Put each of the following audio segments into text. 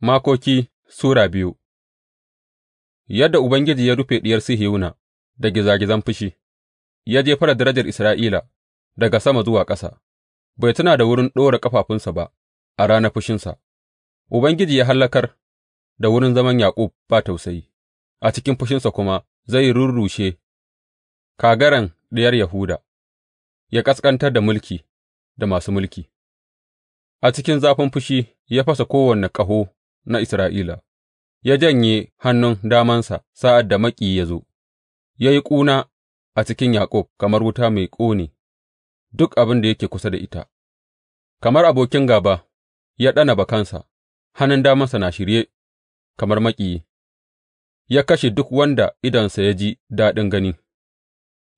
Makoki Sura biyu Yadda Ubangiji ya rufe Diyar Sihiyona da gizagizan fushi, ya jefar da darajar Isra'ila daga sama zuwa ƙasa, bai tuna da wurin ɗora ƙafafunsa ba a ranar fushinsa, Ubangiji ya hallakar da wurin zaman Yaƙub ba tausayi, a cikin fushinsa kuma zai rurrushe kagaran Diyar Yahuda, ya ƙasƙantar da mulki da masu mulki, a cikin zafin fushi ya fasa kowane ƙaho na Isra'ila, ya janye hannun damansa sa'ad da maƙiyi ya zo, ya yi ƙuna a cikin Yaƙub kamar wuta mai ƙone duk abin da yake kusa da ita, kamar abokin gaba. ya ɗana bakansa, hannun damansa na shirye kamar maƙiyi, ya kashe duk wanda idonsa ya ji daɗin gani,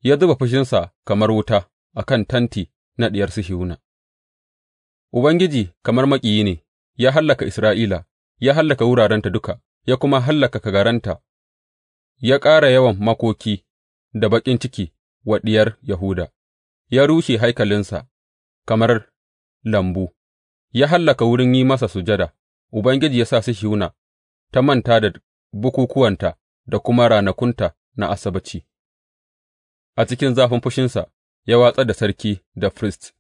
ya zuba fushinsa kamar wuta a kan tanti na Diyar Sihiyona. Ubangiji kamar maƙiyi ne, ya hallaka Isra'ila ya hallaka wurarenta duka ya kuma hallaka kagaranta, ya ƙara yawan makoki da baƙin ciki wa ɗiyar Yahuda, ya rushe haikalinsa kamar lambu, ya hallaka wurin yi masa sujada, Ubangiji ya sa su Sihiyona ta manta da bukukuwanta da kuma ranakunta na Asabaci, A cikin zafin fushinsa ya watsa da sarki da firist,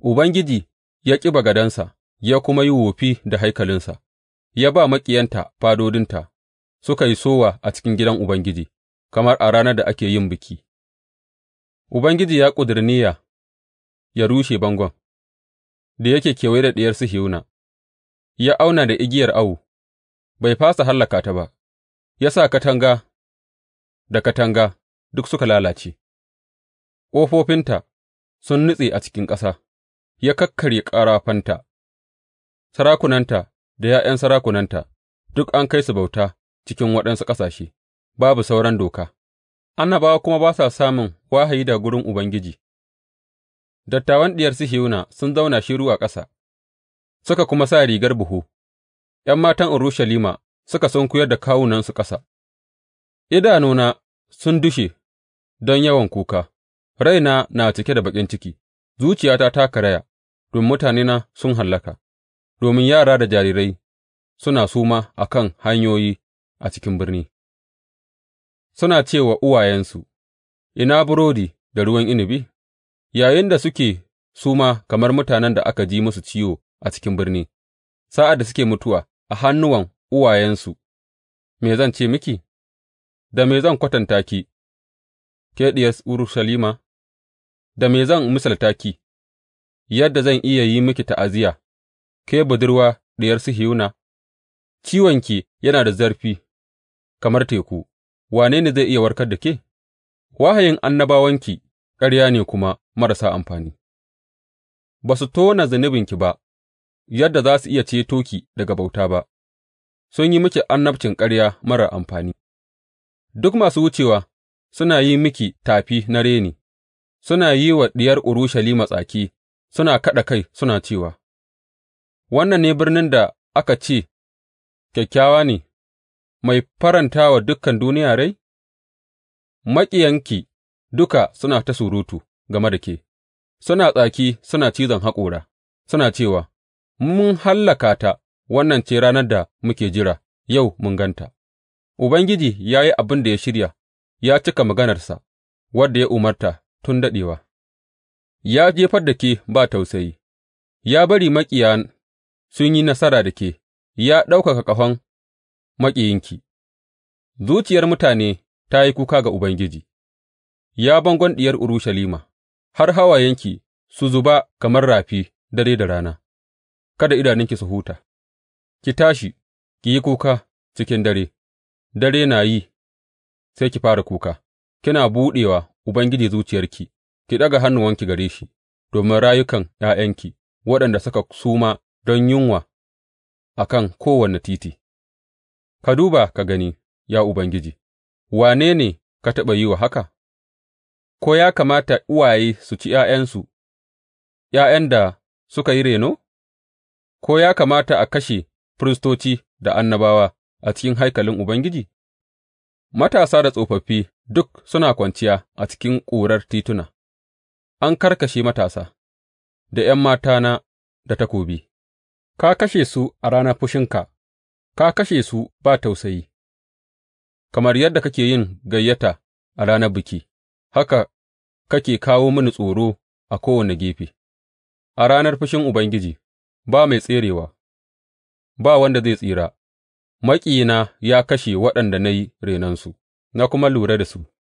Ubangiji ya ƙi bagadansa ya kuma yi wofi da haikalinsa. ya ba maƙiyanta fadodinta suka yi sowa a cikin gidan Ubangiji kamar a ranar da ake yin biki, Ubangiji ya ƙuduri ya rushe bangon da yake kewaye da Diyar Sihiyona, ya auna da igiyar awo, bai fasa hallaka ta ba, ya sa katanga da katanga duk suka lalace, ƙofofinta sun nutse a cikin ƙasa, ya kakkarye ƙarafanta, sarakunanta da ’ya'yan sarakunanta, duk an kai su bauta cikin waɗansu ƙasashe, babu sauran doka, annabawa kuma ba sa samun wahayi daga gurin Ubangiji. Dattawan Diyar Sihiyona sun zauna shiru a ƙasa, suka kuma sa rigar buhu, ’yan matan Urushalima suka sunkuyar da kawunansu ƙasa, idanuna sun dushe don yawan kuka, raina na cike da baƙin ciki, zuciyata ta karaya, domin mutanena sun hallaka. domin yara da jarirai suna suma a kan hanyoyi a cikin birni, suna ce wa uwayensu, Ina burodi da ruwan inabi, yayinda suke suma kamar mutanen da aka ji musu ciwo a cikin birni, sa'ad da suke mutuwa a hannuwan uwayensu, me zan ce miki, da me zan kwatanta ki, ke diyar Urushalima, da me zan misalta ki, yadda zan iya yi miki ta'aziyya. Ke budurwa Diyar Sihiyona, ciwonki yana da zarfi kamar teku, wane ne zai iya warkar da ke? Wahayin annabawanki ƙarya ne kuma marasa amfani; ba su tona zunubinki ba yadda za su iya ceto ki daga bauta ba, sun yi miki annabcin ƙarya mara amfani, duk masu wucewa suna yi miki tafi na reni, suna yi wa Diyar Urushalima tsaki suna kaɗa kai suna cewa. Wannan ne birnin da aka ce, Kyakkyawa ne, mai faranta wa dukan duniya rai? Maƙiyanki duka suna ta surutu game da ke, suna tsaki suna cizon haƙora, suna cewa, Mun hallaka ta, wannan ce ranar da muke jira, yau mun ganta. Ubangiji ya yi abin da ya shirya, ya cika maganarsa, wadda ya umarta tun daɗewa. Ya jefar da ke ba tausayi, ya bari maƙiyan sun yi nasara da ke, ya ɗaukaka ƙahon maƙiyinki, zuciyar mutane ta yi kuka ga Ubangiji, ya bangon diyar Urushalima, har hawayenki su zuba kamar rafi dare da rana, kada idanunki su huta, ki tashi, ki yi kuka cikin dare, dare na yi, sai ki fara kuka, kina buɗewa Ubangiji zuciyarki, ki ɗaga hannuwanki gare shi, domin rayukan ’ya'yanki waɗanda suka suma don yunwa a kan kowane titi, ka duba ka gani, ya Ubangiji, wane ne ka taɓa yi wa haka, ko ya kamata uwaye su ci ’ya'yansu, ’ya'yan da suka yi reno, ko ya kamata a kashe firistoci da annabawa a cikin haikalin Ubangiji? Matasa da tsofaffi duk suna kwanciya a cikin ƙurar tituna, an karkashe matasa da ’yan matana da takobi. ka kashe su a ranar fushinka, ka kashe su ba tausayi, kamar yadda kake yin gayyata a ranar biki, haka kake kawo mini tsoro a kowane gefe, a ranar fushin Ubangiji ba mai tserewa, ba wanda zai tsira, maƙiyina ya kashe waɗanda na yi su, na kuma lura da su.